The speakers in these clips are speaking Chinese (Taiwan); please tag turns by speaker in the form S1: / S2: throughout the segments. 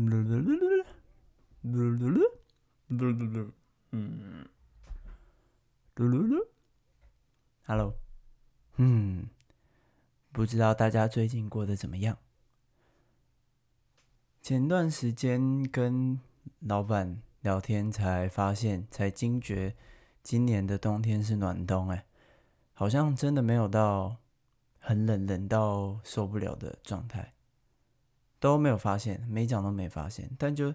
S1: 嚕嚕嚕嚕嚕嚕嚕嚕嚕嚕嚕嚕嚕 Hello 嗯，不知道大家最近過得怎麼樣？前段時間跟老闆聊天才發現，才驚覺今年的冬天是暖冬哎、欸，好像真的沒有到很冷冷到受不了的狀態。都沒有發現，每講都沒發現。但就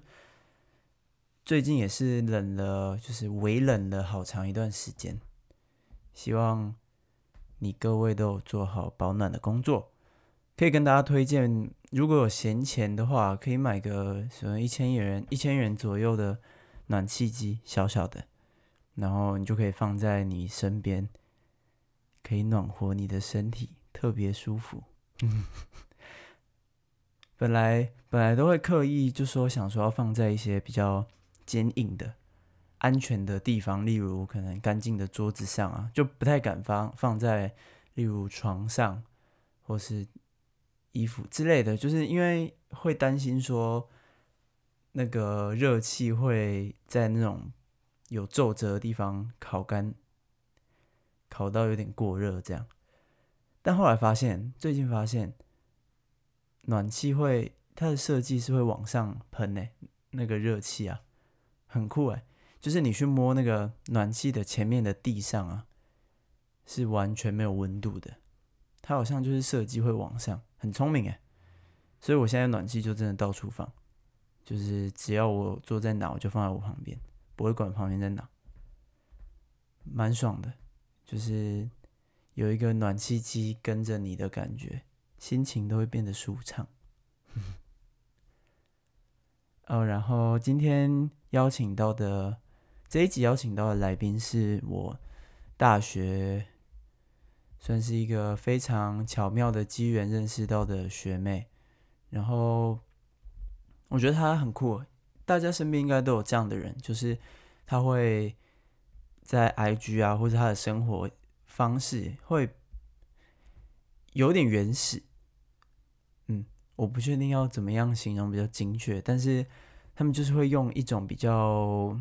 S1: 最近也是冷了，就是微冷了好長一段時間，希望你各位都有做好保暖的工作。可以跟大家推薦，如果有閒錢的話，可以買個什麼一千元，一千元左右的暖氣機，小小的，然後你就可以放在你身邊，可以暖和，你的身體特別舒服。嗯本來本來都會刻意就說想說要放在一些比較堅硬的、安全的地方，例如可能乾淨的桌子上啊，就不太敢放放在例如床上或是衣服之類的，就是因為會擔心說那個熱氣會在那種有皺褶的地方烤乾，烤到有點過熱這樣。但後來發現，最近發現。暖氣會，它的設計是會往上噴誒，那個熱氣啊，很酷誒。就是你去摸那個暖氣的前面的地上啊，是完全沒有溫度的。它好像就是設計會往上，很聰明誒。所以我現在暖氣就真的到處放，就是只要我坐在哪，我就放在我旁邊，不會管旁邊在哪，蠻爽的。就是有一個暖氣機跟着你的感覺。心情都會變得舒暢。哦，然後今天邀請到的這一集邀請到的來賓是我大學算是一個非常巧妙的機緣認識到的學妹，然後我覺得她很酷，大家身邊應該都有這樣的人，就是他會在 IG 啊，或者他的生活方式會有點原始。我不確定要怎麼樣形容比較精確，但是他們就是會用一種比較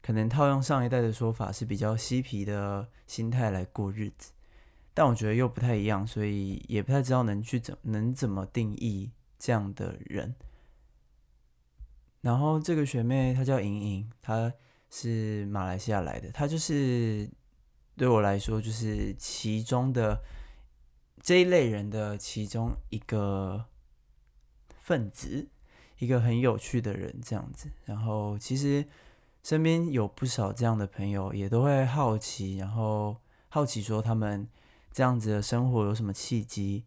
S1: 可能套用上一代的說法是比較嬉皮的心態來過日子，但我覺得又不太一樣，所以也不太知道能去怎能怎麼定義這樣的人。然後這個學妹她叫瑩瑩，她是馬來西亞來的，她就是對我來說就是其中的這一類人的其中一個分子，一個很有趣的人，這樣子。然後其實身邊有不少這樣的朋友，也都會好奇，然後好奇說他們這樣子的生活有什麼契機？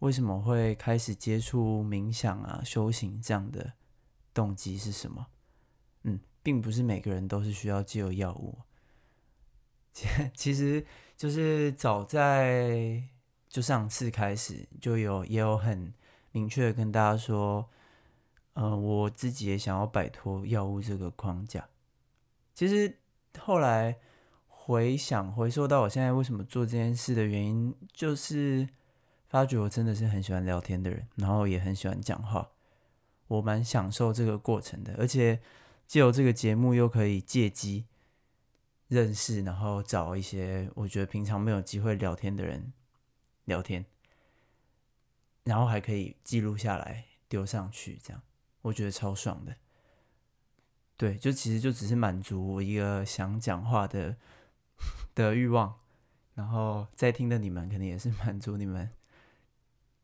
S1: 為什麼會開始接觸冥想啊、修行這樣的動機是什麼？嗯，並不是每個人都是需要借由藥物。其實其實就是早在就上次開始就有也有很。明確跟大家說，呃，我自己也想要擺脫藥物這個框架。其實後來回想，回溯到我現在為什麼做這件事的原因，就是發覺我真的是很喜歡聊天的人，然後也很喜歡講話，我蠻享受這個過程的。而且藉由這個節目，又可以借機認識，然後找一些我覺得平常沒有機會聊天的人聊天。然後還可以記錄下來，丟上去這樣，我覺得超爽的。對，就其實就只是滿足我一個想講話的的慾望，然後在聽的你們肯定也是滿足你們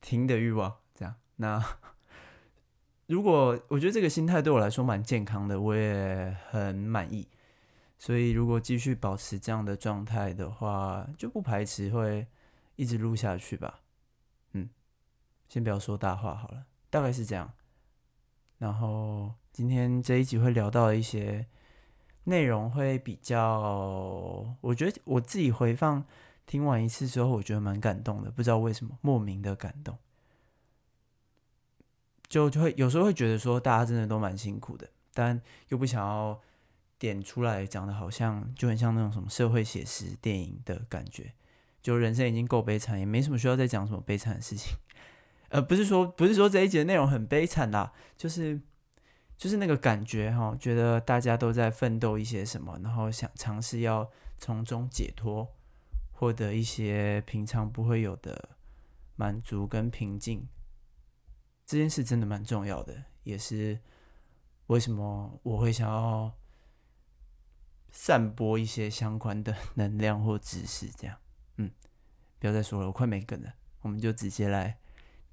S1: 聽的慾望，這樣。那如果我覺得這個心態對我來說蠻健康的，我也很滿意。所以如果繼續保持這樣的狀態的話，就不排斥會一直錄下去吧。先不要說大話好了，大概是這樣。然後今天這一集會聊到一些內容，會比較我覺得我自己回放聽完一次之後，我覺得蠻感動的，不知道為什麼莫名的感動，就就會有時候會覺得說大家真的都蠻辛苦的，但又不想要點出來講得好像就很像那種什麼社會寫實電影的感覺，就人生已經夠悲慘，也沒什麼需要再講什麼悲慘的事情。呃，不是說不是說，這一節內容很悲慘啦，就是就是那個感覺哈、哦，覺得大家都在奮鬥一些什麼，然後想嘗試要從中解脫，獲得一些平常不會有的滿足跟平靜。這件事真的蠻重要的，也是為什麼我會想要散播一些相關的能量或知識這樣。嗯，不要再說了，我快沒梗了，我們就直接來。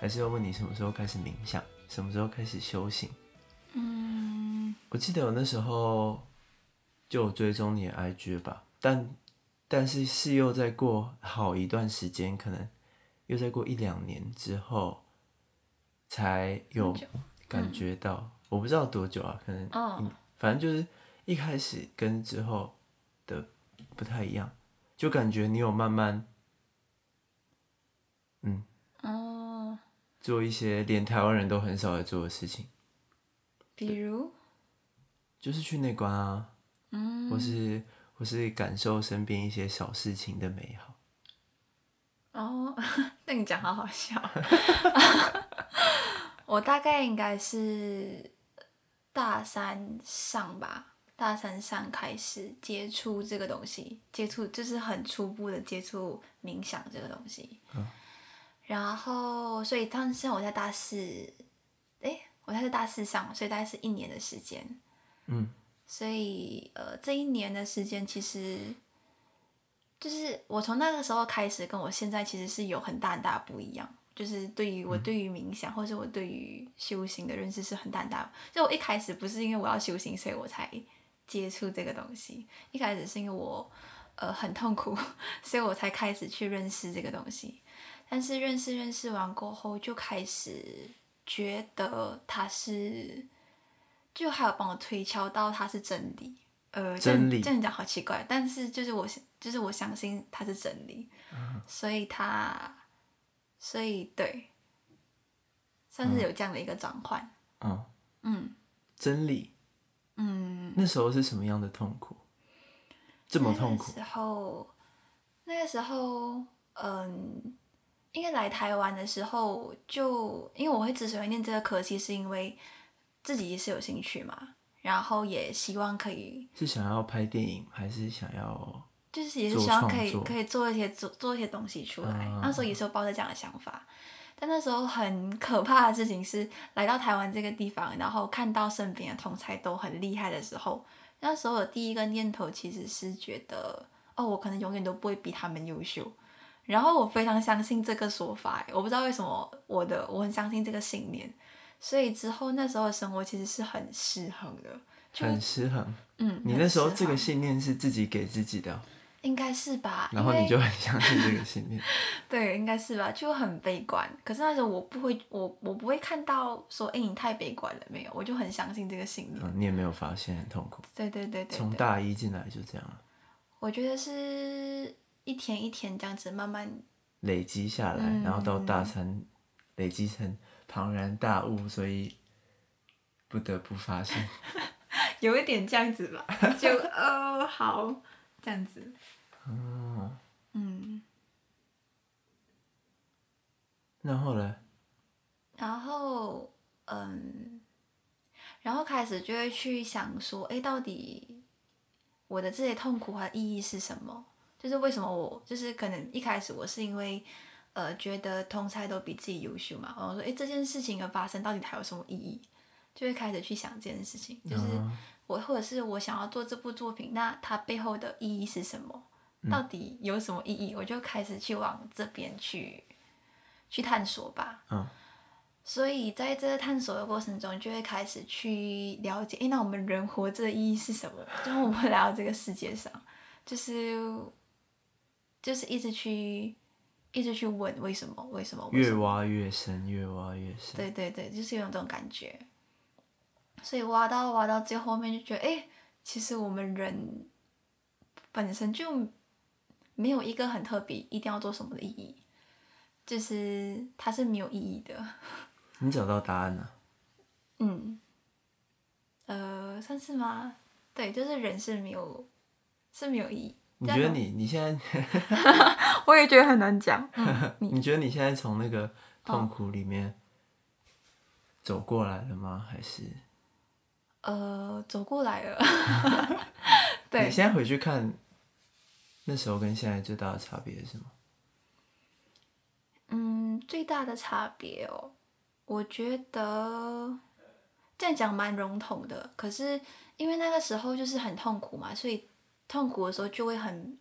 S1: 還是要問你什麼時候開始冥想，什麼時候開始修行？嗯，我記得我那時候就追蹤你的 IG 吧，但但是是又再過好一段時間，可能又再過一兩年之後才有感覺到、嗯，我不知道多久啊，可能嗯、哦，反正就是一開始跟之後的不太一樣，就感覺你有慢慢嗯哦。做一些連台灣人都很少在做的事情，
S2: 比如，
S1: 就是去內觀啊，嗯，或是或是感受身邊一些小事情的美好。
S2: 哦，那你講好好笑， 我大概應該是大三上吧，大三上開始接觸這個東西，接觸就是很初步的接觸冥想這個東西。哦然後，所以當時我在大四，誒，我在大四上，所以大概是一年的時間。嗯，所以呃，這一年的時間其實，就是我從那個時候開始，跟我現在其實是有很大很大不一樣。就是對於我對於冥想、嗯、或是我對於修行的認識是很大很大。就我一開始不是因為我要修行，所以我才接觸這個東西。一開始是因為我呃很痛苦，所以我才開始去認識這個東西。但是認識認識完過後，就開始覺得他是，就還有幫我推敲到他是真理，呃，真理，這樣講好奇怪。但是就是我就是我相信他是真理。嗯，所以他，所以對，算是有這樣的一個轉換，嗯，嗯，嗯，真理，嗯，那
S1: 時候是什麼樣的痛苦？這麼痛苦？那時
S2: 候，那時候，嗯。應該來台灣的時候就，就因為我會只喜歡念這個科系是因為自己也是有興趣嘛，然後也希望可以
S1: 是想要拍電影，還是想要
S2: 就是也是想要可以可以做一些做做一些東西出來。啊、那時候也是有抱着這樣的想法，但那時候很可怕的事情是來到台灣這個地方，然後看到身邊的同儕都很厲害的時候，那時候的第一個念頭其實是覺得哦，我可能永遠都不會比他們優秀。然後我非常相信這個說法，我不知道為什麼我的我很相信這個信念，所以之後那時候的生活其實是很失衡的。很
S1: 失衡。嗯，你那時候這個信念是自己給自己的啊？
S2: 應該是吧。然後你就很相信這個信念。 對，應該是吧，就很悲觀。可是那時候我不會，我我不會看到說，哎、欸，你太悲觀了，沒有，我就很相信這個信念。
S1: 嗯，你也沒有發現很痛苦。對對，
S2: 對對對對。從大
S1: 一進來就這樣啊。
S2: 我覺得是。一天一天這樣子慢慢
S1: 累積下來，嗯、然後到大三累積成龐然大物，所以不得不發生，
S2: 有一點這樣子吧， 就哦、呃、好這樣子
S1: 嗯。嗯。那後來？
S2: 然後，嗯，然後開始就會去想說，哎、欸，到底我的這些痛苦它的意義是什麼？就是為什麼我就是可能一開始我是因為，呃，覺得同儕都比自己優秀嘛，然後說，誒、欸、這件事情的發生到底還有什麼意義？就會開始去想這件事情，就是我或者是我想要做這部作品，那它背後的意義是什麼？到底有什麼意義？我就開始去往這邊去去探索吧。嗯。所以在這個探索的過程中，就會開始去了解，誒、欸，那我們人活着的意義是什麼？為什麼我們來到這個世界上？就是。就是一直去，一直去問為什麼，為什麼，為什麼，越挖
S1: 越深，越挖越深。對
S2: 對對，就是有這種感覺，所以挖到挖到最後面，就覺得哎，其實我們人本身就沒有一個很特別，一定要做什麼的意義，就是它是沒有意義的。
S1: 你找到答案了啊？嗯，呃，
S2: 算是嗎？對，就是人是沒有是沒有意義。你覺得你你現在？ 我也覺得很難講。
S1: 你覺得你現在從那個痛苦裡面、嗯、走過來了嗎？還是？
S2: 呃，走過來了。 對。你現
S1: 在回去看，那時候跟現在最大的差別是什麼？嗯，
S2: 最大的差別哦，我覺得這樣講蠻籠統的。可是因為那個時候就是很痛苦嘛，所以。痛苦的時候就會很，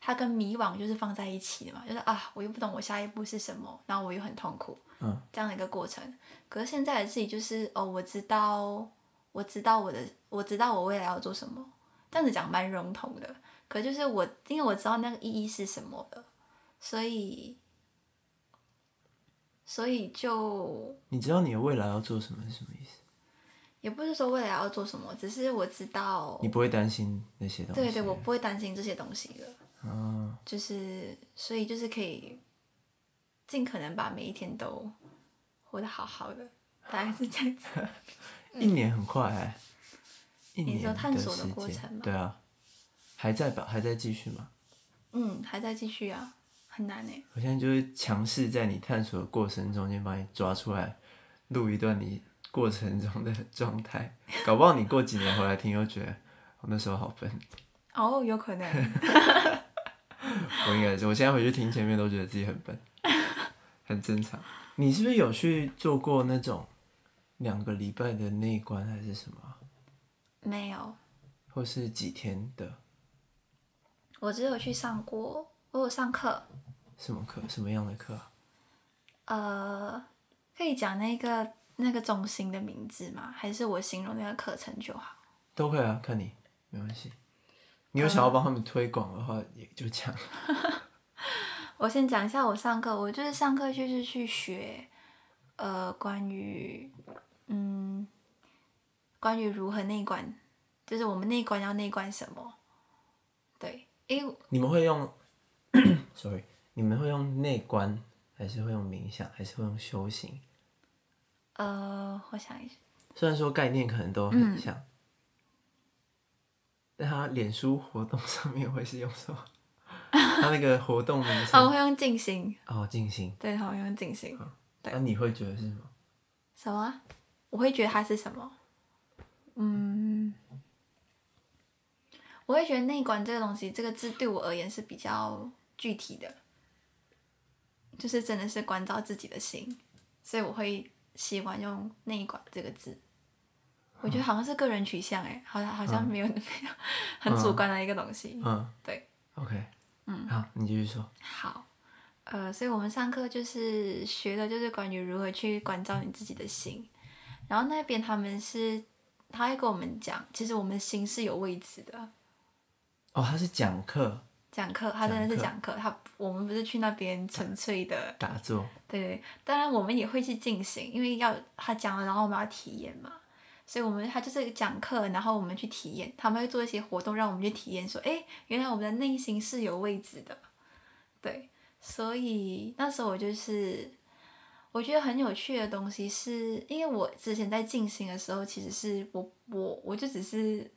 S2: 它跟迷惘就是放在一起的嘛，就是啊，我又不懂我下一步是什麼，然後我又很痛苦，嗯，這樣的一個過程。可是現在的自己就是哦，我知道，我知道我的，我知道我未來要做什麼。這樣子講蠻籠統的，可是就是我，因為我知道那個意義是什麼的，所以，所以就，
S1: 你知道你的未來要做什麼是什麼意思？
S2: 也不是說未來要做什麼，只是我知道你
S1: 不會擔心那些東西。對對，對，我
S2: 不會擔心這些東西的。
S1: 嗯，
S2: 就是所以就是可以盡可能把每一天都活得好好的，大概是這樣子。 一年很
S1: 快， 一年的你說探索的過程嗎？對啊，還在吧？還在繼續嗎？
S2: 嗯，還在繼續啊，很難哎。
S1: 我現在就是強勢在你探索的過程中間把你抓出來，錄一段你。過程中的狀態，搞不好你過幾年回來聽又覺得 我那時候好笨
S2: 哦，oh, 有可能。
S1: 我應該是，我現在回去聽前面都覺得自己很笨，很正常。你是不是有去做過那種兩個禮拜的內觀還是什麼？
S2: 沒有。
S1: 或是幾天的？
S2: 我只有去上過，我有上課。
S1: 什麼課？什麼樣的課
S2: 啊？呃，可以講那個。那個中心的名字嗎？還是我形容那個課程就好？
S1: 都會啊，看你沒關係。你有想要幫他們推廣的話，呃、也就講。
S2: 我先講一下我上課，我就是上課就是去學，呃，關於嗯，關於如何內觀，就是我們內觀要內觀什麼？對，誒、欸，
S1: 你們會用 ，sorry，你們會用內觀，還是會用冥想，還是會用修行？
S2: 呃、uh,，我想一想。
S1: 雖然說概念可能都很像，嗯、但他臉書活動上面會是用什麼？ 他那個活動名稱，
S2: 會用“靜心”。
S1: 哦，“靜心”哦行。
S2: 對，他會用“靜心”。那、
S1: 啊、你會覺得是什麼？
S2: 什麼？我會覺得它是什麼？嗯，我會覺得“內觀”這個東西，這個字對我而言是比較具體的，就是真的是關照自己的心，所以我會。喜歡用內觀這個字，我覺得好像是個人取向誒、欸嗯，好像好像沒有很主觀的一個東西。嗯，對，OK，嗯，好，你繼續說。好，呃，所以我們上課就是學的就是關於如何去關照你自己的心，然後那邊他們是，他會跟我們講，其實我們心是有位置的。
S1: 哦，他是講課。
S2: 講課，他真的是講課，講課，他我們不是去那邊純粹的打、
S1: 打坐。
S2: 對，當然我們也會去靜心，因為要他講了，然後我們要體驗嘛，所以我們他就是講課，然後我們去體驗，他們會做一些活動讓我們去體驗說，說哎，原來我們的內心是有位置的，對，所以那時候我就是我覺得很有趣的東西是，是因為我之前在靜心的時候，其實是我我我就只是。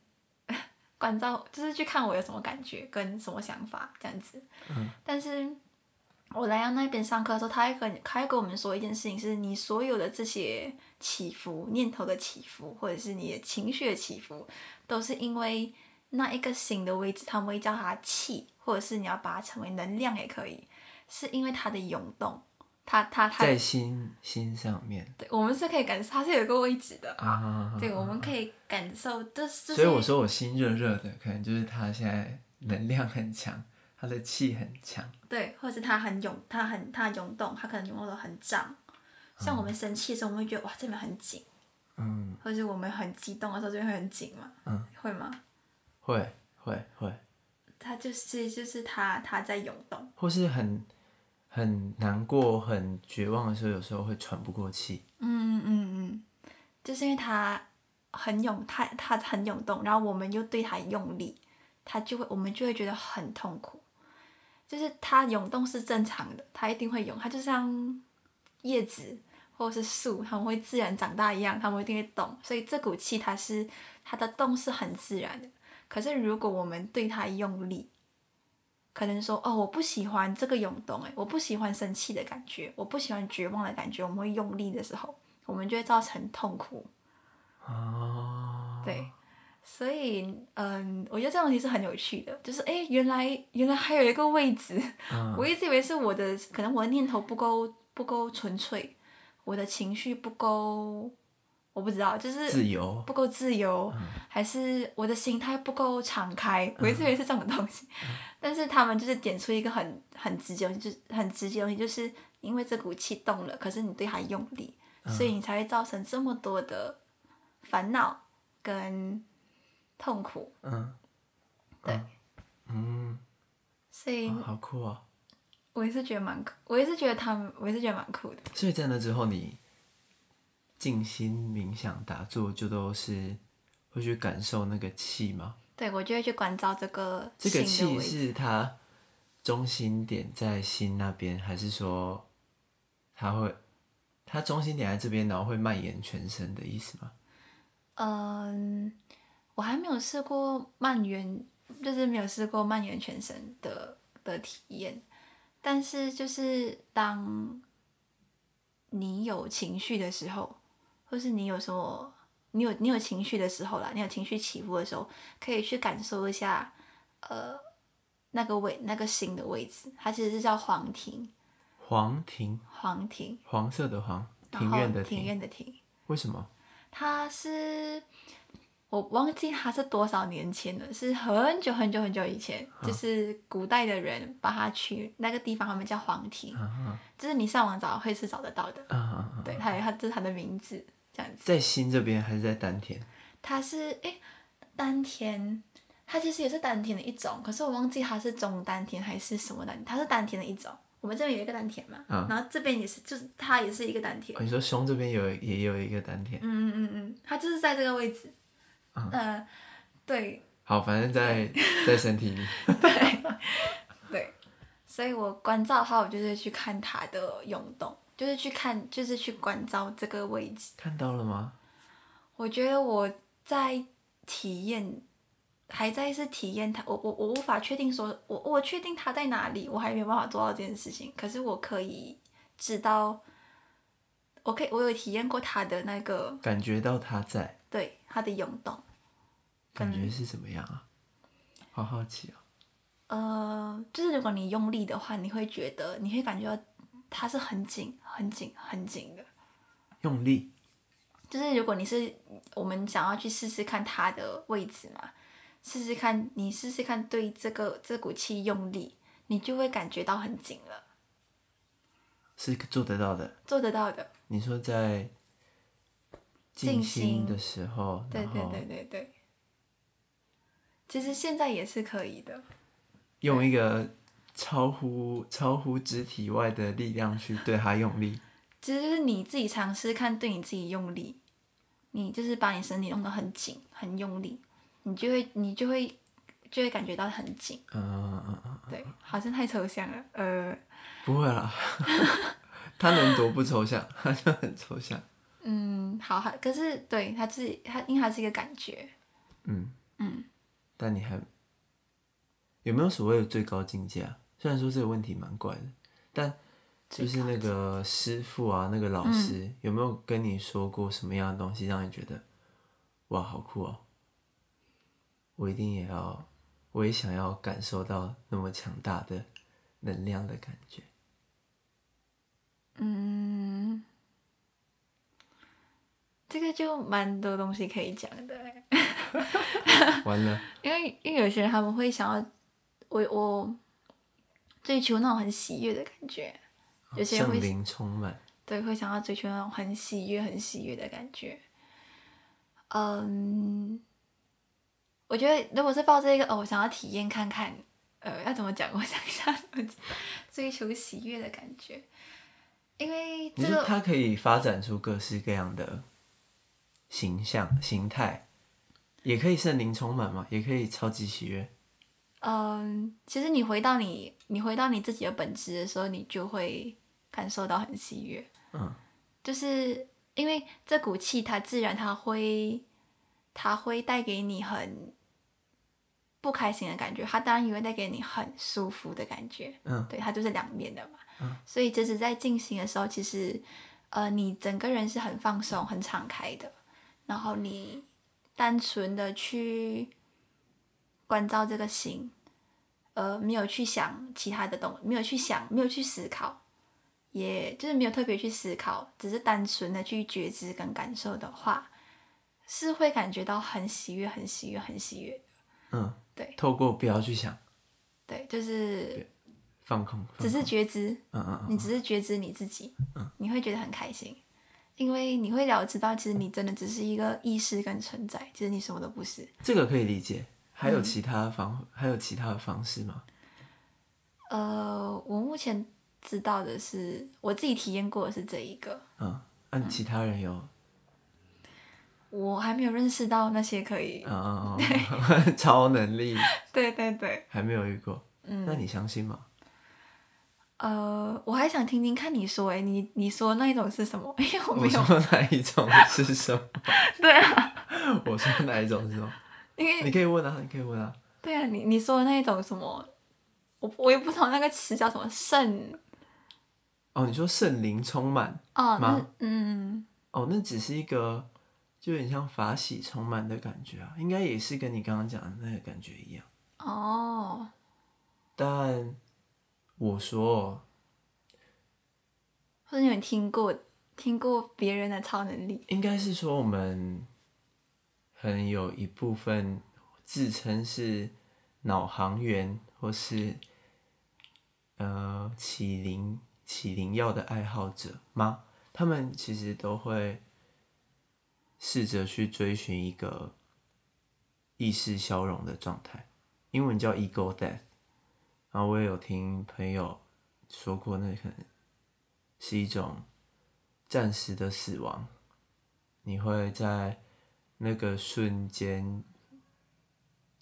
S2: 觀照就是去看我有什麼感覺，跟什麼想法這樣子。嗯。但是，我來到那邊上課的時候，他還跟他還跟我們說一件事情是，是你所有的這些起伏、念頭的起伏，或者是你的情緒的起伏，都是因為那一個心的位置。他們會叫它氣，或者是你要把它成為能量也可以，是因為它的湧動。他他在
S1: 心心上面，
S2: 對，我們是可以感受，他是有個位置的，啊、哈哈，對，我們可以感受、啊哈哈，就是。所以我說我
S1: 心熱熱的，可能就是他現在能量很強，他的氣很強。
S2: 對，或者是他很湧，他很他湧動，他可能湧動的很脹。像我們生氣的時候，我們會覺得哇，這邊很緊，嗯，
S1: 或者
S2: 是我們很激動的時候，這邊會很緊嘛，嗯，會嗎？
S1: 會會會。
S2: 他就是就是他他在湧動，
S1: 或是很。很難過、很絕望的時候，有時候會喘不過氣。嗯
S2: 嗯嗯，就是因為它很湧，它它很湧動，然後我們又對它用力，它就會，我們就會覺得很痛苦。就是它湧動是正常的，它一定會湧，它就像葉子或者是樹，他們會自然長大一樣，他們一定會動。所以這股氣，它是它的動是很自然的。可是如果我們對它用力，可能說哦，我不喜歡這個湧動，哎，我不喜歡生氣的感覺，我不喜歡絕望的感覺。我們會用力的時候，我們就會造成痛苦。
S1: Oh.
S2: 對。所以，嗯，我覺得這個問題是很有趣的，就是哎，原來原來還有一個位置，Oh. 我一直以為是我的，可能我的念頭不夠不夠純粹，我的情緒不夠。我不知道，就是不夠自、自由，還是我的心態不夠敞開？嗯，我一直以為是這種東西，嗯、但是他們就是點出一個很很直接東西，就是很直接的東西，就是因為這股氣動了，可是你對它用力，嗯，所以你才會造成這麼多的煩惱跟痛苦。嗯，
S1: 對，嗯，
S2: 所以、哦、好酷哦！我也是覺得蠻酷，我也是覺得他們，我也是覺得蠻酷的。
S1: 所以，在那之後你。靜心、冥想、打坐，就都是會去感受那個氣嗎？
S2: 對，我就會去關照這個。這個氣是
S1: 它中心點在心那邊，還是說它會，它中心點在這邊，然後會蔓延全身的意思嗎？嗯、
S2: 呃，我還沒有試過蔓延，就是沒有試過蔓延全身的的體驗。但是就是當你有情緒的時候。就是你有時候，你有你有情緒的時候啦，你有情緒起伏的時候，可以去感受一下，呃，那個位那個心的位置，它其實是叫黃庭。
S1: 黃庭。
S2: 黃庭。
S1: 黃色的黃，庭院的庭，庭院的庭。為什麼？
S2: 它是，我忘記它是多少年前了，是很久很久很久以前，哦、就是古代的人把它去那個地方，他們叫黃庭、啊，就是你上網找會是找得到的。啊、
S1: 哈哈對，它它
S2: 這是它的名字。
S1: 在心這邊還是在丹田？
S2: 它是誒、欸、丹田，它其實也是丹田的一種。可是我忘記它是中丹田還是什麼丹田，它是丹田的一種。我們這邊有一個丹田嘛，嗯、然後這邊也是，就是它也是一個丹田。哦、你
S1: 說胸這邊有也有一個丹田？嗯
S2: 嗯嗯嗯，它就是在這個位置。嗯，呃、對。
S1: 好，反正在在身體裡。 對
S2: 對，所以我關照它，我就是去看它的湧動。就是去看，就是去觀照這個位置。看到了嗎？我覺得我在體驗，還在是體驗它。我我我無法確定說，我我確定它在哪裡，我還沒有辦法做到這件事情。可是我可以知道，我可以我有體驗過它的那個
S1: 感覺到它在
S2: 對它的湧動，
S1: 感覺是怎麼樣啊？嗯、好好奇啊、
S2: 哦。呃，就是如果你用力的話，你會覺得你會感覺到。它是很緊、很緊、很緊的，
S1: 用力，
S2: 就是如果你是我們想要去試試看它的位置嘛，試試看，你試試看，對這個這股氣用力，你就會感覺到很緊了，
S1: 是做得到的，
S2: 做得到的。
S1: 你說在靜心的時候，對對對
S2: 對對，其實現在也是可以的，
S1: 用一個。超乎超乎肢體外的力量去對他用力，其
S2: 實就是你自己嘗試看，對你自己用力，你就是把你身體弄得很緊，很用力，你就會你就會就會感覺到很緊，嗯嗯嗯嗯，對，好像太抽象了，呃，
S1: 不會啦， 他能多不抽象，他就很抽象。
S2: 嗯，好，好，可是對他自己，他因為他是一個感覺，嗯
S1: 嗯，但你還有沒有所謂的最高境界啊？雖然說這個問題蠻怪的，但就是那個師傅啊，那個老師有沒有跟你說過什麼樣的東西，讓你覺得、嗯、哇，好酷哦！我一定也要，我也想要感受到那麼強大的能量的感覺。嗯，
S2: 這個就蠻多東西可以講的。 完了，因為因為有些人他們會想要，我我。追求那種很喜悅的感覺，哦、有些人會，聖靈充滿，對，會想要追求那種很喜悅、很喜悅的感覺。嗯，我覺得如果是抱着、這、一個，哦，我想要體驗看看，呃，要怎麼講？我想一下，追求喜悅的感覺，因為、這個、你說它
S1: 可以發展出各式各樣的形象、形態，也可以聖靈充滿嘛，也可以超級喜悅。
S2: 嗯，其實你回到你，你回到你自己的本質的時候，你就會感受到很喜悅。嗯，就是因為這股氣，它自然，它會，它會帶給你很不開心的感覺。它當然也會帶給你很舒服的感覺。嗯，對，它就是兩面的嘛。嗯。所以，就是在進行的時候，其實，呃，你整個人是很放鬆、很敞開的，然後你單純的去。關照這個心，呃，沒有去想其他的東西，沒有去想，沒有去思考，也就是沒有特別去思考，只是單純的去覺知跟感受的話，是會感覺到很喜悅、很喜悅、很喜悅的。嗯，
S1: 對，透過不要去想，
S2: 對，就是放空，
S1: 放空，只是覺
S2: 知。嗯嗯，嗯嗯，你只是覺知你自己，嗯，你會覺得很開心，因為你會了知道，其實你真的只是一個意識跟存在，其實你什麼都不是。
S1: 這個可以理解。還有其他方、嗯，還有其他的方式嗎？
S2: 呃，我目前知道的是，我自己體驗過的是這一個。
S1: 嗯，按、啊、其他人有、嗯？
S2: 我還沒有認識到那些可以。
S1: 嗯、哦，啊超能力。對對對。還沒有遇過。嗯。那你相信嗎？
S2: 呃，我還想聽聽看你說、欸，哎，你你說那一種是什麼？哎、 啊，我沒有說哪
S1: 一種是什麼。
S2: 對啊。
S1: 我說哪一種是什麼？你可以問啊，你可以問啊。
S2: 對啊，你你說的那一種什麼？我我也不知道那個詞叫什麼，聖
S1: 哦，你說聖靈充滿？哦，
S2: 那
S1: 嗯，哦，那只是一個，就有點像法喜充滿的感覺啊，應該也是跟你剛剛講的那個感覺一樣。哦。但，我說，
S2: 或者你有，有聽過聽過別人的超能力？
S1: 應該是說我們。很有一部分自稱是腦航員或是呃，啟靈啟靈藥的愛好者嗎？他們其實都會試着去追尋一個意識消融的狀態，英文叫 ego death。然後我也有聽朋友說過，那可能是一種暫時的死亡，你會在。那個瞬間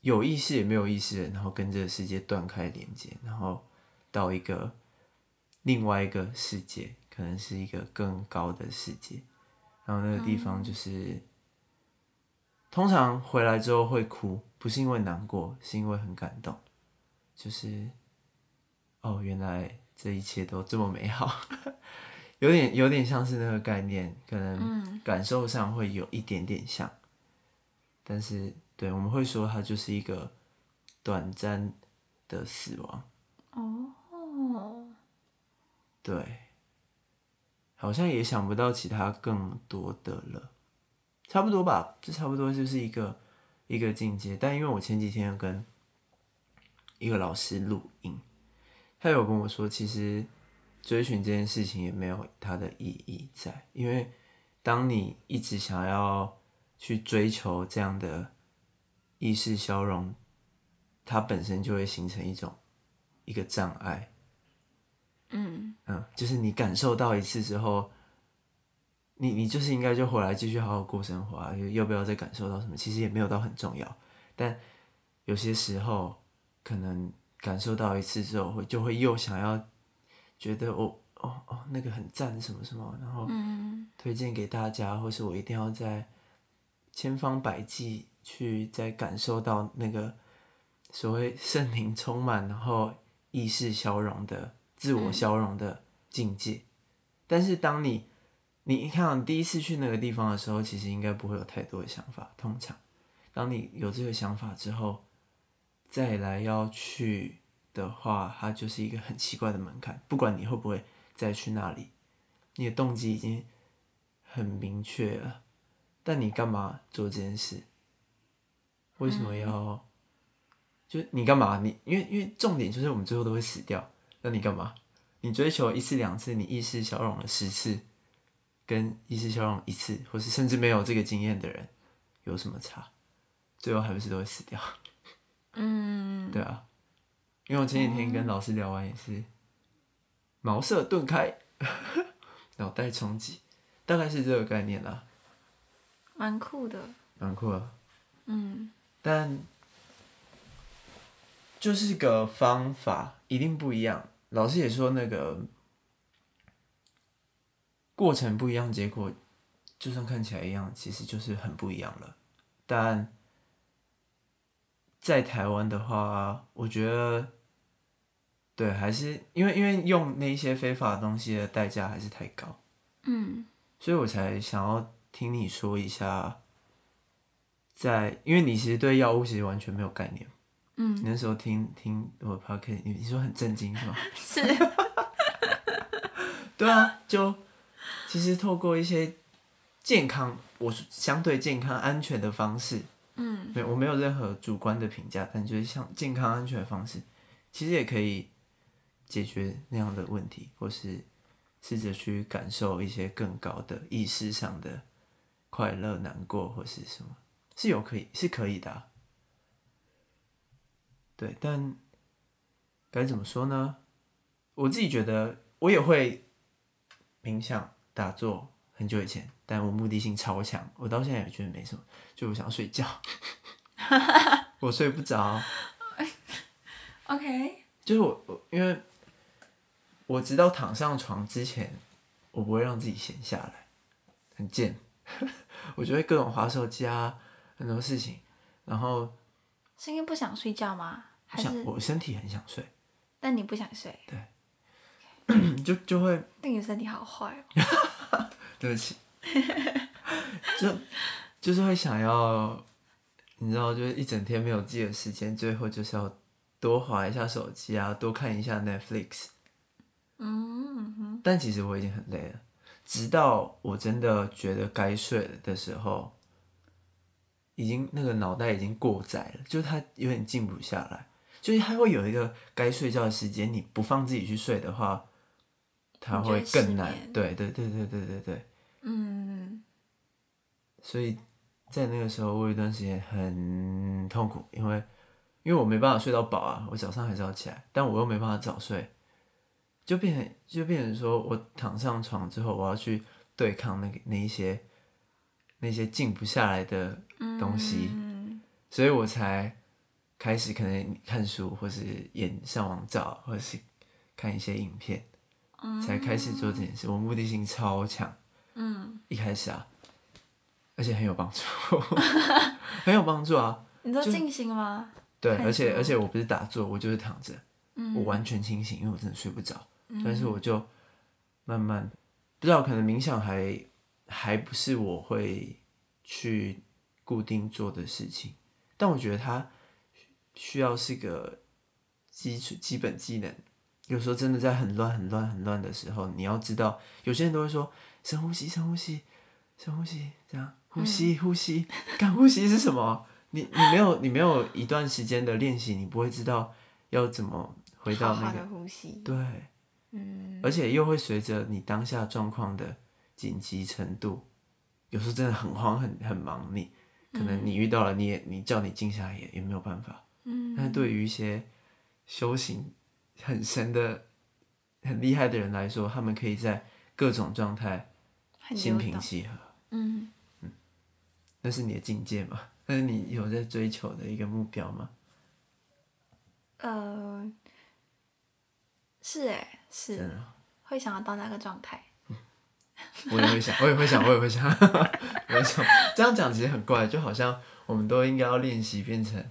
S1: 有意識也沒有意識，然後跟這個世界斷開連接，然後到一個另外一個世界，可能是一個更高的世界，然後那個地方就是、嗯、通常回來之後會哭，不是因為難過，是因為很感動，就是哦，原來這一切都這麼美好， 有點有點像是那個概念，可能感受上會有一點點像。嗯但是，對，我們會說，它就是一個短暫的死亡。哦，對，好像也想不到其他更多的了，差不多吧，這差不多就是一個一個境界。但因為我前幾天跟一個老師錄音，他有跟我說，其實追尋這件事情也沒有它的意義在，因為當你一直想要，去追求這樣的意識消融，它本身就會形成一種一個障礙。嗯嗯，就是你感受到一次之後，你你就是應該就回來繼續好好過生活，啊，要、就是、不要再感受到什麼？其實也沒有到很重要，但有些時候可能感受到一次之後，會就會又想要覺得哦哦哦，那個很讚什麼什麼，然後推薦給大家，或是我一定要在。千方百計去再感受到那個所謂聖靈充滿，然後意識消融的自我消融的境界。嗯、但是當你你一看到你第一次去那個地方的時候，其實應該不會有太多的想法。通常，當你有這個想法之後，再來要去的話，它就是一個很奇怪的門檻。不管你會不會再去那裡，你的動機已經很明確了。但你幹嘛做這件事？為什麼要？就你幹嘛？你因為因為重點就是我們最後都會死掉。那你幹嘛？你追求一次兩次，你意識消融了十次，跟意識消融一次，或是甚至沒有這個經驗的人有什麼差？最後還不是都會死掉。嗯，對啊。因為我前幾天跟老師聊完也是，茅塞頓開，腦 袋衝擊，大概是這個概念啦。
S2: 蠻酷的。蠻酷的。嗯。
S1: 但，就是個方法，一定不一樣。老師也說那個，過程不一樣，結果，就算看起來一樣，其實就是很不一樣了。但，在台灣的話啊，我覺得，對，還是因為因為用那些非法的東西的代價還是太高。嗯。所以我才想要。聽你說一下，在因為你其實對藥物其實完全沒有概念，嗯，你那時候聽聽我的 Podcast，你說很震驚是吧？
S2: 是，
S1: 對啊，就其實透過一些健康，我是相對健康安全的方式，嗯，我沒有任何主觀的評價，但就是像健康安全的方式，其實也可以解決那樣的問題，或是試着去感受一些更高的意識上的。快樂、難過或是什麼，是有可以是可以的，啊，對，但該怎麼說呢？我自己覺得我也會冥想打坐很久以前，但我目的性超強，我到現在也覺得沒什麼，就我想睡覺， 我睡不着。
S2: OK，
S1: 就是我我因為，我直到躺上床之前，我不會讓自己閒下來，很賤。我覺得各種滑手機啊，很多事情，然後
S2: 是因為不想睡覺嗎還是？不想，我
S1: 身體很想睡，
S2: 但你不想睡，
S1: 對，okay。就就會。那
S2: 你身體好壞
S1: 哦， 對不起，就就是會想要，你知道，就是一整天沒有自己的時間，最後就是要多滑一下手機啊，多看一下 Netflix，嗯哼，mm-hmm。但其實我已經很累了。直到我真的覺得該睡了的時候，已經那個腦袋已經過載了，就是它有點靜不下來，就是它會有一個該睡覺的時間，你不放自己去睡的話，
S2: 它會
S1: 更難。對對對對對對對，嗯。所以在那個時候，我有一段時間很痛苦，因為因為我沒辦法睡到飽啊，我早上還是要起來，但我又沒辦法早睡。就變成就變成說，我躺上床之後，我要去對抗那個那一些那些靜不下來的東西，嗯，所以我才開始可能看書，或是演上網找，或是看一些影片，嗯，才開始做這件事。我目的性超強，嗯，一開始啊，而且很有幫助， 很有幫助啊。 你說
S2: 靜心嗎？對，而且而
S1: 且我不是打坐，我就是躺着，嗯，我完全清醒，因為我真的睡不着。但是我就慢慢、嗯、不知道，可能冥想還還不是我會去固定做的事情，但我覺得它需要是個基礎基本技能。有時候真的在很亂、很亂、很亂的時候，你要知道，有些人都會說深呼吸、深呼吸、深呼吸，這樣呼吸、呼吸、感 呼吸是什麼？你你沒有你沒有一段時間的練習，你不會知道要怎麼回到那個好好呼吸，對。而且又會隨着你當下狀況的緊急程度，有時候真的很慌很、很很忙你。你可能你遇到了，你也你叫你靜下來也也沒有辦法。嗯、但是對於一些修行很深的、很厲害的人來說，他們可以在各種狀態心平氣和。嗯，嗯那是你的境界嗎？那是你有在追求的一個目標嗎？
S2: 呃，是誒。是、喔，會想要到那個狀態、嗯。我也會想，我也會想，
S1: 我也會想。我講這樣講其實很怪，就好像我們都應該要練習變成，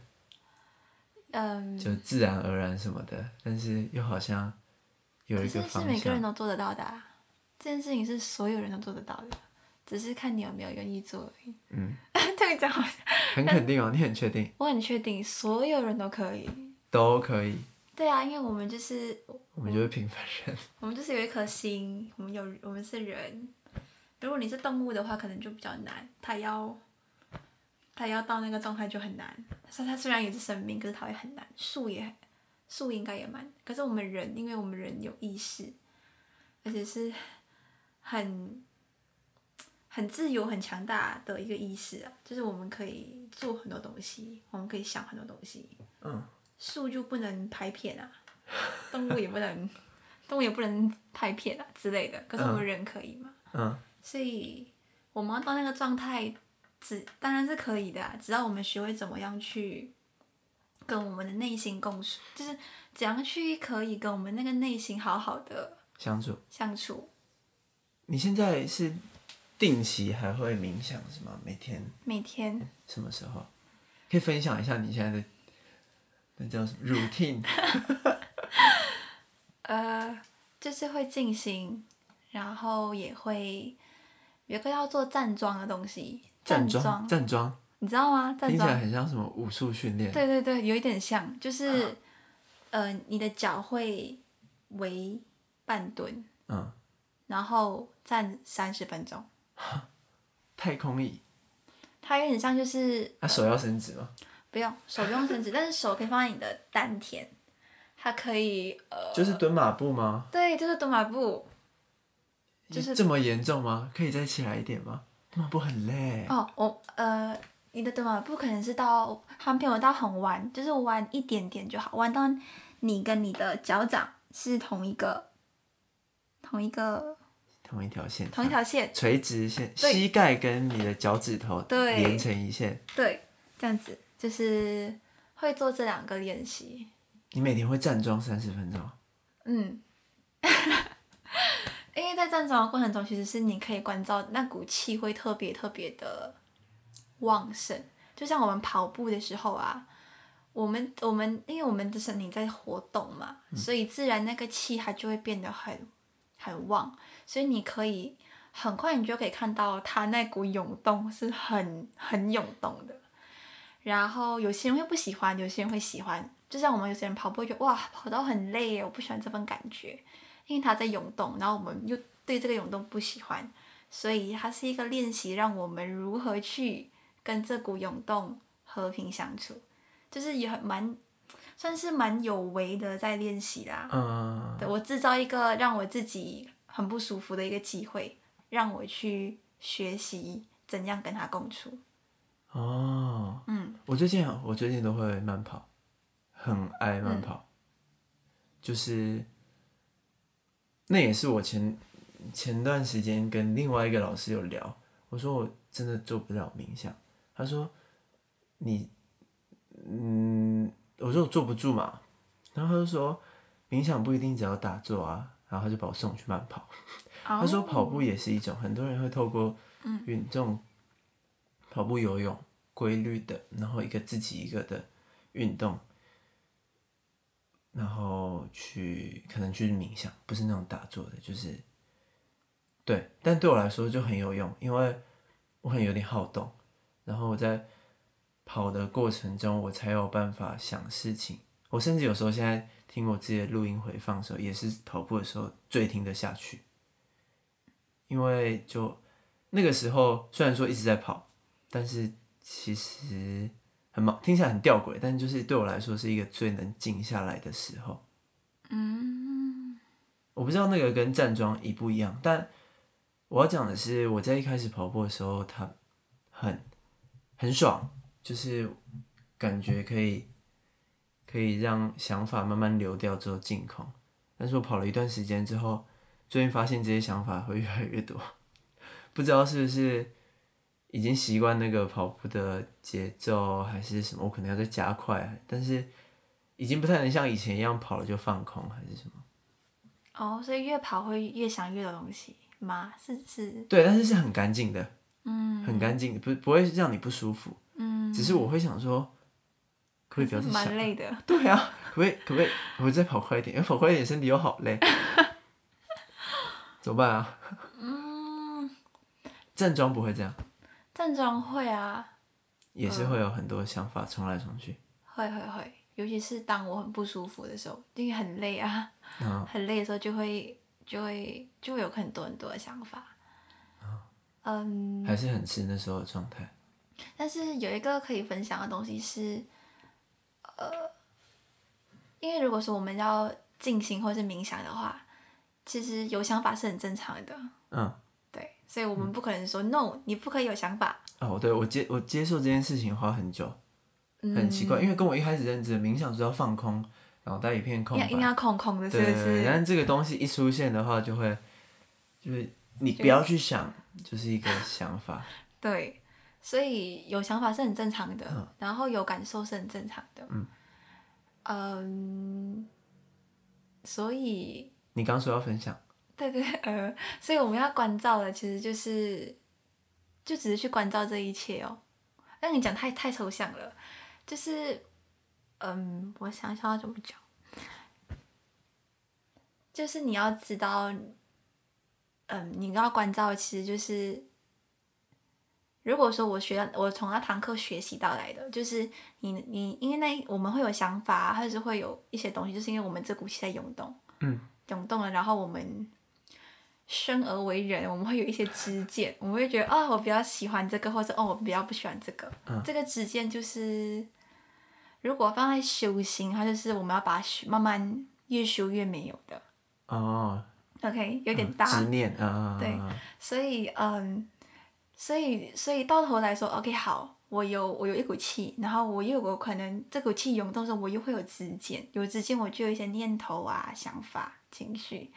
S2: 嗯，就
S1: 自然而然什麼的、嗯。但是又好像有一個方向。是每
S2: 個人都做得到的、啊，這件事情是所有人都做得到的，只是看你有沒有願意做而已。嗯， 對這個講好像很肯
S1: 定哦、喔， 你很確定？
S2: 我很確定，所有人都可以，
S1: 都可以。
S2: 對啊，因為我們就是。
S1: 我們就是平凡人。我
S2: 們，我們就是有一顆心，我們有，我們是人。如果你是動物的話，可能就比較難。它要它要到那個狀態就很難。它它雖然也是生命，可是它也很難。樹也，樹應該也蠻，可是我們人，因為我們人有意識，而且是很很自由、很強大的一個意識啊。就是我們可以做很多東西，我們可以想很多東西。嗯。樹就不能拍片啊。 動物也不能，動物也不能太騙啊之類的。可是我們人可以嘛？嗯。所以，我們要到那個狀態，只當然是可以的啊，只要我們學會怎麼樣去跟我們的內心共處，就是怎樣去可以跟我們那個內心好好的相處相處，相處。
S1: 你現在是定期還會冥想是嗎？每天。
S2: 每天。
S1: 嗯，什麼時候？可以分享一下你現在的那叫什麼 routine。
S2: 呃，就是會進行，然後也會有個要做站樁的東西。站樁，站樁，你知道嗎？站樁，聽起來很
S1: 像什麼武術訓練。對
S2: 對對，有一點像，就是、啊、呃，你的腳會圍半蹲，嗯、啊，然後站三十分鐘、
S1: 啊。太空椅，
S2: 它有點像就是。
S1: 啊，手要伸直嗎？
S2: 呃、不用，手不用伸直， 但是手可以放在你的丹田。它可以，呃，就
S1: 是蹲馬步嗎？
S2: 對，就是蹲馬步。就是這麼
S1: 嚴重嗎？可以再起來一點嗎？蹲馬步很累。哦，
S2: 我呃，你的蹲馬步可能是到他們騙我到很彎，就是彎一點點就好，彎到你跟你的腳掌是同一個，同一個，
S1: 同一條線，同一條線、啊，垂直線，膝蓋跟你的腳趾頭，對，連成一線，
S2: 對，這樣子就是會做這兩個練習。
S1: 你每天會站樁三十分鐘？
S2: 嗯， 因為在站樁的過程中，其實是你可以觀照那股氣會特別特別的旺盛。就像我們跑步的時候啊，我們我們因為我們的身體在活動嘛，嗯，所以自然那個氣它就會變得很很旺。所以你可以很快，你就可以看到它那股湧動是很很湧動的。然後有些人會不喜歡，有些人會喜歡。就像我們有些人跑步，就哇，跑到很累耶，我不喜歡這份感覺，因為它在湧動，然後我們又對這個湧動不喜歡，所以它是一個練習，讓我們如何去跟這股湧動和平相處，就是也很蠻算是蠻有為的在練習啦。嗯、uh...，對，我制造一個讓我自己很不舒服的一個機會，讓我去學習怎樣跟他共處。
S1: 哦、uh...，嗯，我最近我最近都會慢跑。很愛慢跑，嗯，就是，那也是我前前段時間跟另外一個老師有聊，我說我真的做不了冥想，他說你，嗯，我說我坐不住嘛，然後他就說冥想不一定只要打坐啊，然後他就把我送我去慢跑，oh. 他說跑步也是一種，很多人會透過運動，跑步、游泳，規律的，嗯，然後一個自己一個的運動。然後去可能去冥想，不是那種打坐的，就是，對，但對我來說就很有用，因為我很有點好動，然後我在跑的過程中，我才有辦法想事情。我甚至有時候現在聽我自己的錄音回放的時候，也是跑步的時候最聽得下去，因為就那個時候雖然說一直在跑，但是其實。很忙，聽起來很弔詭，但就是對我來說是一個最能靜下來的時候。嗯，我不知道那個跟站樁一不一樣，但我要講的是我在一開始跑步的時候，它很很爽，就是感覺可以可以讓想法慢慢流掉之後進空。但是我跑了一段時間之後，最近發現這些想法會越來越多，不知道是不是。已經習慣那個跑步的節奏還是什麼，我可能要再加快，但是已經不太能像以前一樣跑了就放空還是什麼。
S2: 哦，所以越跑會越想越多東西嗎？是是。對，但是是
S1: 很乾淨的，嗯，很乾淨的，不不會讓你不舒服，嗯，只是我會想說，可不可以不要想。蠻
S2: 累的。對啊，
S1: 可不可以 可不可以我再跑快一點？要跑快一點身體又好累， 怎麼辦啊？嗯， 正裝不會這樣。
S2: 站樁會啊，也是會
S1: 有很多想法，衝來衝去。呃、
S2: 會會會，尤其是當我很不舒服的時候，因為很累啊，哦、很累的時候就會就會就會有很多很多的想法。哦、嗯，還是很
S1: 吃那時候的狀態。
S2: 但是有一個可以分享的東西是，呃，因為如果說我們要靜心或是冥想的話，其實有想法是很正常的。嗯。所以我們不可能說、嗯、no，你不可以有想法。
S1: 哦，對，我接我接受這件事情花很久、嗯，
S2: 很奇怪，因為
S1: 跟我一開始認知，冥想是要放空，腦袋一片空白，應該要
S2: 空空的是不是？對，但
S1: 這個東西一出現的話，就會就是你不要去想，就是、就是、一個想法。
S2: 對，所以有想法是很正常的、嗯，然後有感受是很正常的。嗯，嗯，所以你
S1: 剛剛說要分享。
S2: 對對呃、嗯，所以我們要關照的其實就是，就只是去關照這一切哦。但你講太太抽象了，就是，嗯，我想想要怎麼講，就是你要知道，嗯，你要關照其實就是，如果說我學我從那堂課學習到來的，就是你你因為那我們會有想法，或者是會有一些東西，就是因為我們這股氣在湧動，嗯，湧動了，然後我們。生而為人，我們會有一些執見，我們會覺得啊、哦，我比較喜歡這個，或者哦，我比較不喜歡這個。嗯、這個執見就是，如果放在修行，它就是我們要把它修，慢慢越修越沒有的。哦。OK，有點大。嗯、念、哦、對。所以嗯，所以所以到頭來說，OK，好，我有我有一股氣，然後我又有個可能這股氣湧動的時候，我又會有執見，有執見我就有一些念頭啊、想法、情緒。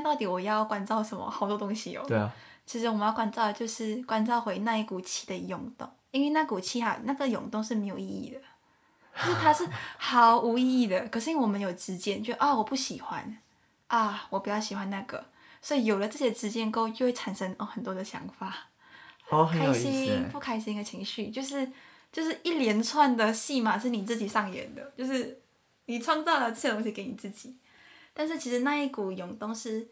S2: 到底我要關照什麼？好多東西哦。對啊。其實我們要關照的就是關照回那一股氣的湧動，因為那股氣哈，那個湧動是沒有意義的，就是它是毫無意義的。 可是因為我們有執見，就啊、哦、我不喜歡，啊我比較喜歡那個，所以有了這些執見，過後，就會產生哦很多的想法，哦、
S1: 開心很不
S2: 開心的情緒，就是就是一連串的戲碼是你自己上演的，就是你創造了這些東西給你自己。但是其實那一股湧動是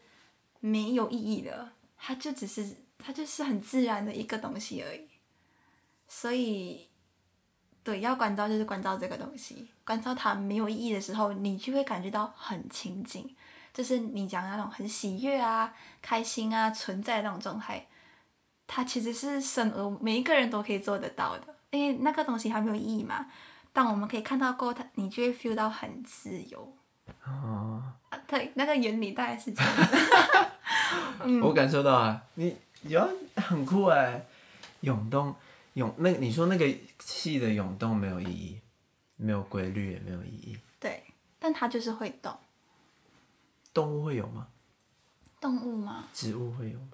S2: 沒有意義的，它就只是它就是很自然的一個東西而已。所以，對，要關照就是關照這個東西，關照它沒有意義的時候，你就會感覺到很清淨，就是你講的那種很喜悅啊、開心啊、存在的那種狀態。它其實是生而每一個人都可以做得到的，因為那個東西還沒有意義嘛。但我們可以看到過它，你就會 feel 到很自由。哦、啊，對，那個原理大概是這樣…… 我
S1: 感受到啊，你喲很酷哎，湧動湧那你說那個氣的湧動沒有意義，沒有規律也沒有意義。
S2: 對，但它就是會動。
S1: 動物會有嗎？
S2: 動物嗎？
S1: 植物會有嗎？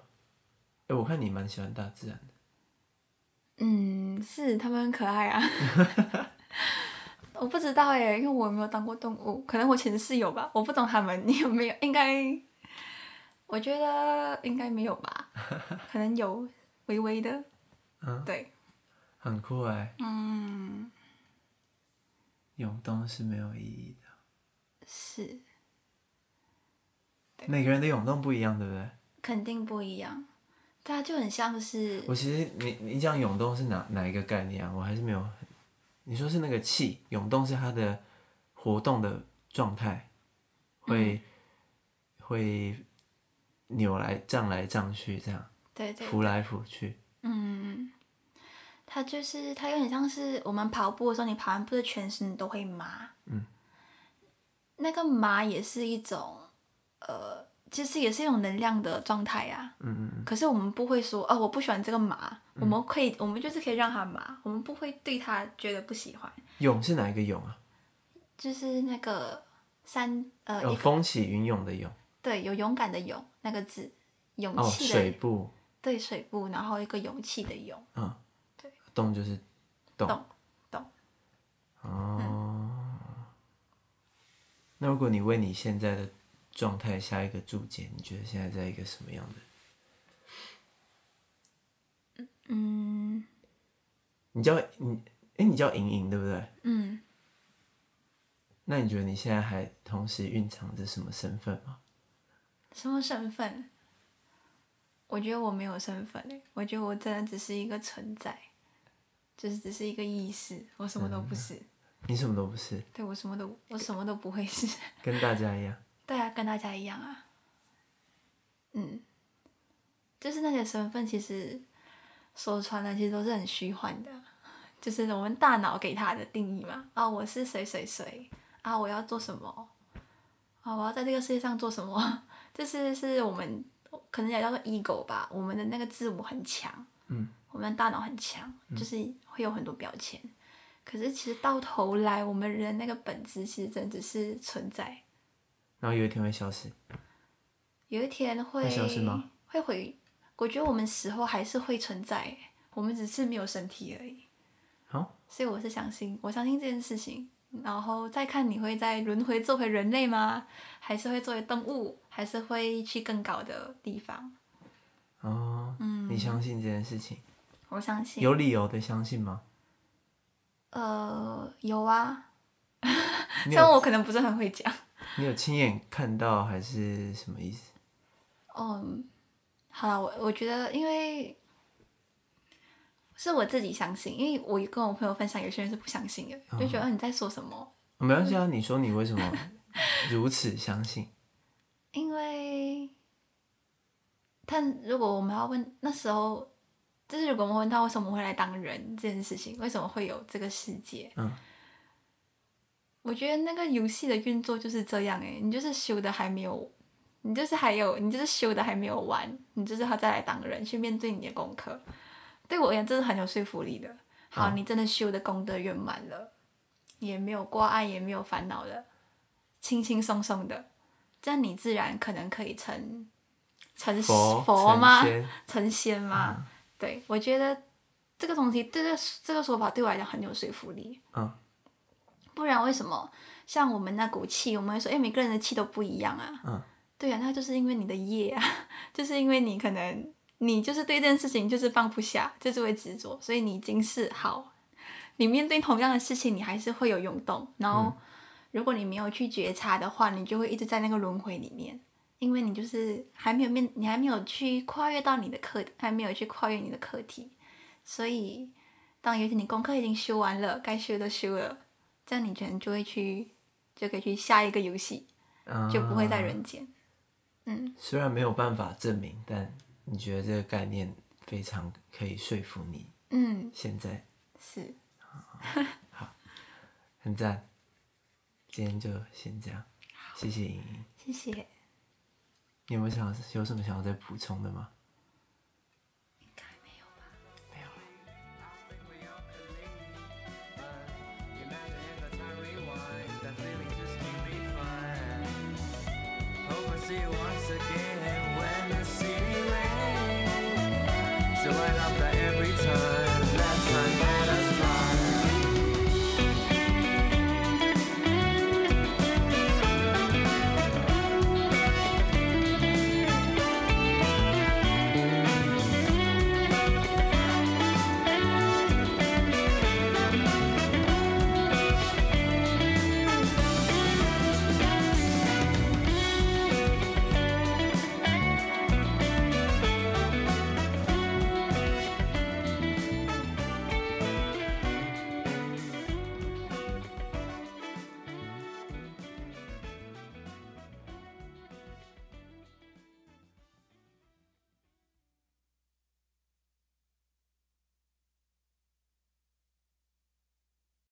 S1: 哎、欸，我看你蠻喜歡大自然的。嗯，
S2: 是它們很可愛啊。 我不知道哎，因為我有沒有當過動物，可能我前室友吧，我不懂他們。你有沒有？應該，我覺得應該沒有吧， 可能有微微的，嗯，
S1: 對，很酷哎，嗯，湧動是沒有意義的，
S2: 是，每個人的湧
S1: 動不一樣，對不對？
S2: 肯定不一樣，對啊，就很像是我其
S1: 實你你講湧動是哪哪一個概念啊？我還是沒有。你說是那個氣湧動，是它的活動的狀態，會、嗯、會扭來脹來脹去這樣。對
S2: 對對，浮來浮去。嗯，它就是它有點像是我們跑步的時候，你跑完步的全身都會麻。嗯，那個麻也是一種，呃。其、就、實、是、也是一種能量的狀態呀。嗯嗯。可是我們不會說，哦，我不喜歡這個麻、嗯。我們可以，我們就是可以讓他麻，我們不會對他覺得不喜歡。
S1: 湧是哪一個湧啊？
S2: 就是那個山呃、哦一個。風
S1: 起雲湧的湧。
S2: 對，有勇敢的勇那個字，勇氣的、哦。水部。對，水部，然後一個勇氣的勇。
S1: 嗯。對。動就是動。動。動哦、嗯。那如果你問你現在的？狀態下一個注解，你覺得現在在一個什麼樣的？嗯，你叫你哎、欸，你叫瑩瑩對不對？
S2: 嗯。
S1: 那你覺得你現在還同時蘊藏着什
S2: 麼身份嗎？什麼身份？我覺得我沒有身份，我覺得我真的只是一個存在，就是只是一個意識，我什麼都不是。嗯、你什麼都不是。對，我什麼都我什麼都不會是，
S1: 跟大家一樣。
S2: 對啊、跟大家一樣啊，嗯，就是那些身份，其實說穿了，其實都是很虛幻的，就是我們大腦給他的定義嘛。啊、哦，我是誰誰誰啊、哦，我要做什麼啊、哦，我要在這個世界上做什麼？就是是我們可能也叫做 ego 吧，我們的那個自我很強，嗯，我們的大腦很強，就是會有很多標籤、嗯。可是其實到頭來，我們人的那個本質，其實真的是存在。
S1: 然後有一天會消失，
S2: 有一天會會，消失嗎？會回。我覺得我們死後還是會存在，我們只是沒有身體而已。
S1: 好、
S2: 哦，所以我是相信，我相信這件事情。然後再看你會在輪回做回人類嗎？還是會作為動物？還是會去更高的地方？
S1: 哦、
S2: 嗯，你相
S1: 信這件事情？
S2: 我相信。有理
S1: 由的相信嗎？
S2: 呃，有啊， 雖然我可能不是很會講。
S1: 你有親眼看到還是什麼意
S2: 思？嗯，好啦，我我覺得，因為是我自己相信，因為我跟我朋友分享，有些人是不相信的，嗯，就覺得你在說什麼。
S1: 嗯、沒關係啊，你說你為什麼如此相信？
S2: 嗯、 因為，但如果我們要問那時候，就是如果我們問他為什麼會來當人這件事情，為什麼會有這個世界？嗯我覺得那個遊戲的運作就是這樣誒，你就是修的還沒有，你就是還有，你就是修的還沒有完，你就是他再來當個人，去面對你的功課，對我而言這是很有說服力的。好，嗯，你真的修的功德圓滿了，也沒有掛礙，也沒有煩惱了，輕輕鬆鬆的，這樣你自然可能可以成成佛，佛，佛嗎？成仙嗎？嗯、對我覺得這個東西，對這個這個說法對我來講很有說服力。嗯。不然為什麼像我們那股氣，我們會說，哎，每個人的氣都不一樣啊。嗯。對呀，啊，那就是因為你的業啊，就是因為你可能你就是對一件事情就是放不下，就是會執着，所以你已經是好。你面對同樣的事情，你還是會有湧動。然後，如果你沒有去覺察的話，你就會一直在那個輪迴裡面，因為你就是還沒有面，你還沒有去跨越到你的課，還沒有去跨越你的課題。所以，當有一天你功課已經修完了，該修的修了。這樣，你可能就會去，就可以去下一個遊戲。嗯，就不會在人間。嗯，
S1: 雖然沒有辦法證明，但你覺得這個概念非常可以說服你。嗯，現在
S2: 是，
S1: 好，好，很讚。今天就先這樣，謝謝瑩瑩，謝謝。你有沒有想，有什麼想要再補充的嗎？